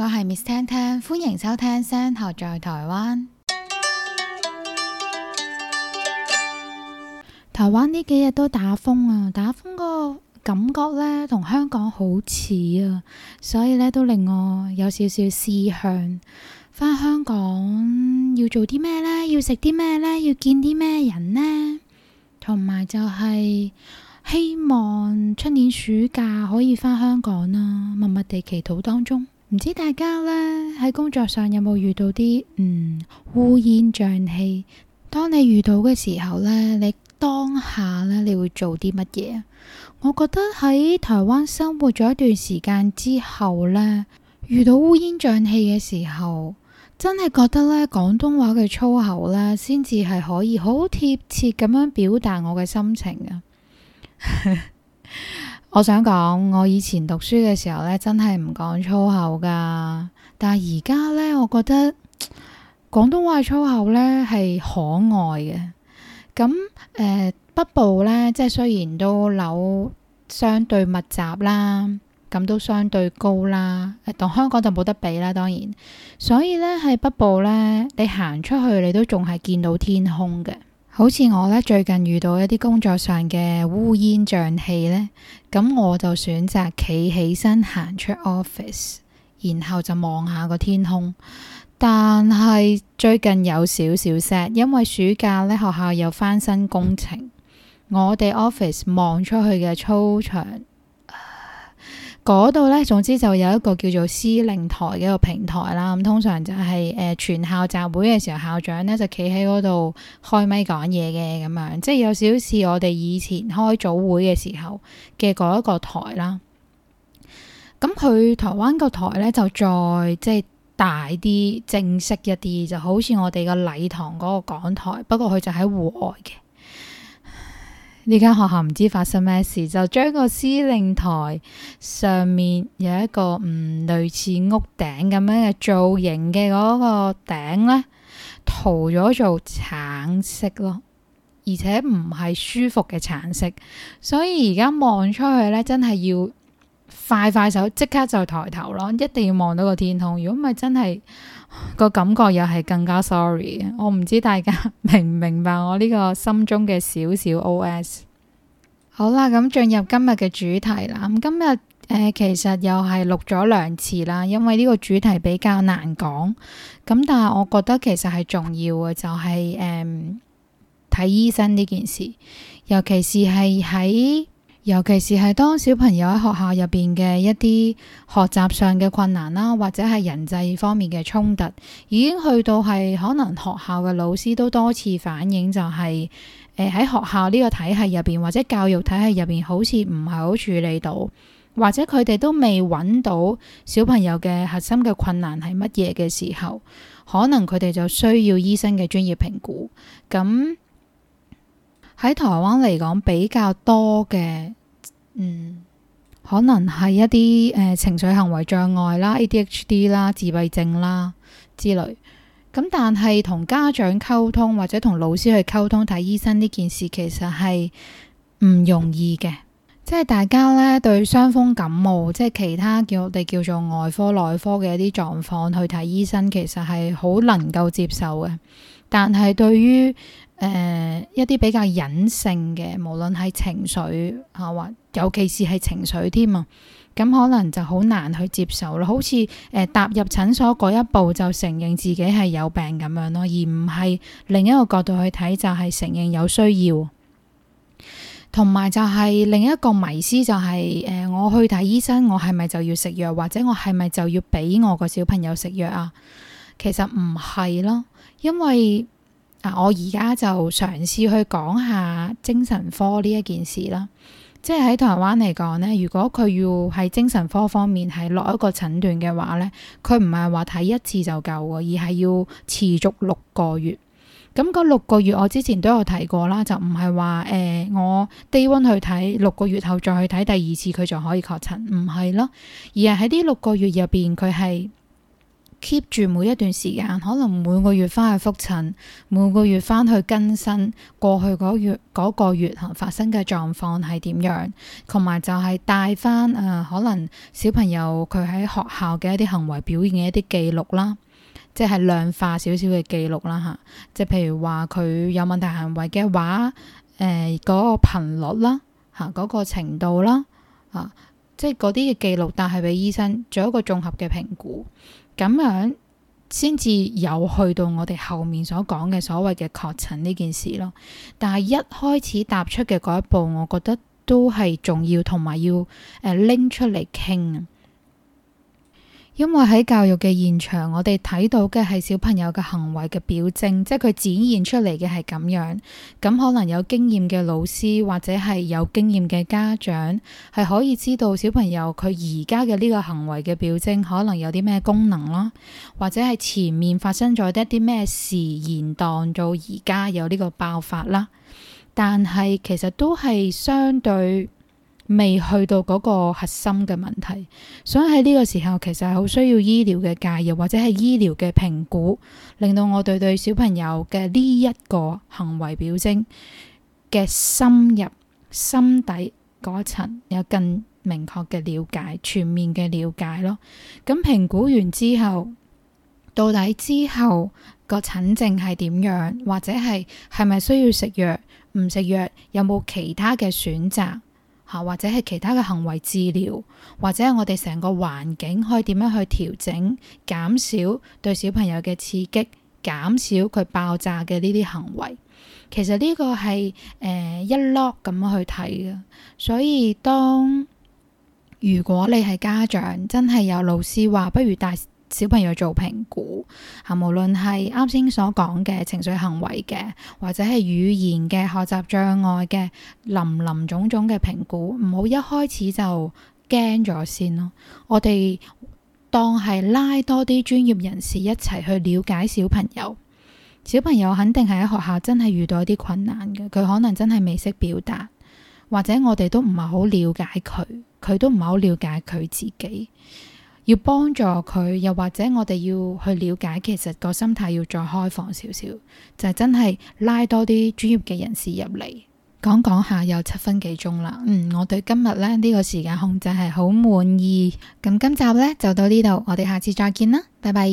我係 Miss 聽聽，tan，歡迎收聽聲《聲學在台灣》。台灣呢幾日都打風啊，打風個感覺呢同香港好似啊，所以呢都令我有少少思鄉。翻香港要做啲咩呢？要食啲咩呢？要見啲咩人呢？同埋就係希望出年暑假可以翻香港啊，默默地祈禱當中。唔知大家呢喺工作上有冇遇到啲嗯，烏煙瘴氣？當你遇到嘅時候呢，你當下呢，你會做啲乜嘢？我覺得喺台灣生活咗一段時間之後呢，遇到烏煙瘴氣嘅時候，真係覺得呢廣東話嘅粗口呢，先至係可以好貼切咁樣表達我嘅心情啊！ 我想講，我以前讀書嘅時候呢，真係唔講粗口㗎。但係而家呢，我覺得廣東話粗口呢係可愛嘅。咁誒、呃，北部呢，即係雖然都樓相對密集啦，咁都相對高啦，同香港就冇得比啦，當然。所以呢，喺北部呢，你行出去，你都仲係見到天空嘅。好似我呢，最近遇到一啲工作上嘅烏煙瘴氣呢，咁我就選擇企起身行出 office，然後就望下個天空。但係最近有少少 sad，因為暑假呢學校有翻新工程，我哋 office 望出去嘅操場。嗰度呢，總之就有一個叫做司令台嘅一個平台啦。咁通常就係、是、誒、呃、全校集會嘅時候，校長呢就企喺嗰度開咪講嘢嘅咁樣，即係有少少似我哋以前開早會嘅時候嘅嗰一個台啦。咁佢台灣個台呢，就再即係大啲、正式一啲，就好似我哋個禮堂嗰個講台，不過佢就喺戶外嘅。呢間學校唔知發生咩事，就將個司令台上面有一個嗯類似屋頂咁樣嘅造型嘅嗰個頂呢，塗咗做橙色咯，而且唔係舒服嘅橙色，所以而家望出去呢，真係要～快快手即刻就抬頭咯，一定要望到個天空。如果唔係，真係個感覺又係更加 sorry。我唔知大家呵呵明唔明白我呢個心中嘅小小 OS。好啦，咁進入今日嘅主題啦。咁今日誒、呃，其實又係錄咗兩次啦，因為呢個主題比較難講。咁但係我覺得其實係重要嘅，就是，就係誒睇醫生呢件事，尤其是係喺。尤其是係當小朋友喺學校入邊嘅一啲學習上嘅困難啦，或者係人際方面嘅衝突，已經去到係可能學校嘅老師都多次反映、就是，就係誒喺學校呢個體系入邊或者教育體系入邊，好似唔係好處理到，或者佢哋都未揾到小朋友嘅核心嘅困難係乜嘢嘅時候，可能佢哋就需要醫生嘅專業評估咁。喺台灣嚟講，比較多嘅，嗯，可能係一啲誒、呃、情緒行為障礙啦、ADHD 啦、自閉症啦之類。咁、嗯、但係同家長溝通或者同老師去溝通睇醫生呢件事，其實係唔容易嘅。即係大家呢對傷風感冒，即係其他叫我哋叫做外科、內科嘅一啲狀況去睇醫生，其實係好能夠接受嘅。但係對於誒、呃、一啲比較隱性嘅，無論係情緒啊或、啊，尤其是係情緒添啊，咁可能就好難去接受咯。好似誒、呃、踏入診所嗰一步，就承認自己係有病咁樣咯，而唔係另一個角度去睇，就係、是、承認有需要。同埋就係另一個迷思、就是，就係誒，我去睇醫生，我係咪就要食藥，或者我係咪就要俾我個小朋友食藥啊？其實唔係咯，因為，啊！我而家就嘗試去講下精神科呢一件事啦。即係喺台灣嚟講呢，如果佢要喺精神科方面係落一個診斷嘅話呢，佢唔係話睇一次就夠嘅，而係要持續六個月。咁、嗯、嗰六個月，我之前都有提過啦，就唔係話誒我 day one 去睇六個月後再去睇第二次佢就可以確診，唔係咯，而係喺呢六個月入邊佢係，keep 住每一段時間，可能每個月翻去復診，每個月翻去更新過去嗰月個月行、嗰個、發生嘅狀況係點樣，同埋就係帶翻誒，可能小朋友佢喺學校嘅一啲行為表現嘅一啲記錄啦，即係量化少少嘅記錄啦吓，即譬如話佢有問題行為嘅話，誒、呃、嗰、嗰個頻率啦吓，嗰、啊嗰個程度啦啊，即係嗰啲嘅記錄，帶去俾醫生做一個綜合嘅評估。咁樣先至有去到我哋後面所講嘅所謂嘅確診呢件事咯，但係一開始踏出嘅嗰一步，我覺得都係重要同埋要誒拎，呃、出嚟傾。因為喺教育嘅現場，我哋睇到嘅係小朋友嘅行為嘅表徵，即係佢展現出嚟嘅係咁樣，咁可能有經驗嘅老師或者係有經驗嘅家長係可以知道小朋友佢而家嘅呢個行為嘅表徵可能有啲咩功能咯，或者係前面發生咗一啲咩事，延當到而家有呢個爆發啦。但係其實都係相對。未去到嗰個核心嘅問題，所以喺呢個時候其實，係好需要醫療嘅介入，或者係醫療嘅評估，令到我哋對，對小朋友嘅呢一個行為表徵嘅深入心底嗰層有更明確嘅了解，全面嘅了解咯。咁評估完之後，到底之後個診症係點樣？或者係係咪需要食藥？唔食藥有冇其他嘅選擇？嚇，或者係其他嘅行為治療，或者係我哋成個環境可以點樣去調整，減少對小朋友嘅刺激，減少佢爆炸嘅呢啲行為。其實呢個係誒、呃、一攞咁樣去睇嘅，所以當如果你係家長，真係有老師話，不如帶小朋友做評估，嚇，無論係啱先所講嘅情緒行為嘅，或者係語言嘅學習障礙嘅，林林種種嘅評估，唔好一開始就驚咗先咯。我哋當係拉多啲專業人士一齊去了解小朋友。小朋友肯定係喺學校真係遇到一啲困難嘅，佢可能真係未識表達，或者我哋都唔係好了解佢，佢都唔係好了解佢自己。要幫助佢，又或者我哋要去了解，其實個心態要再開放少少，就係真係拉多啲專業嘅人士入嚟講講下。有七分幾鐘啦，嗯，我對今日咧呢個時間控制係好滿意。咁今集咧就到呢度，我哋下次再見啦，拜拜。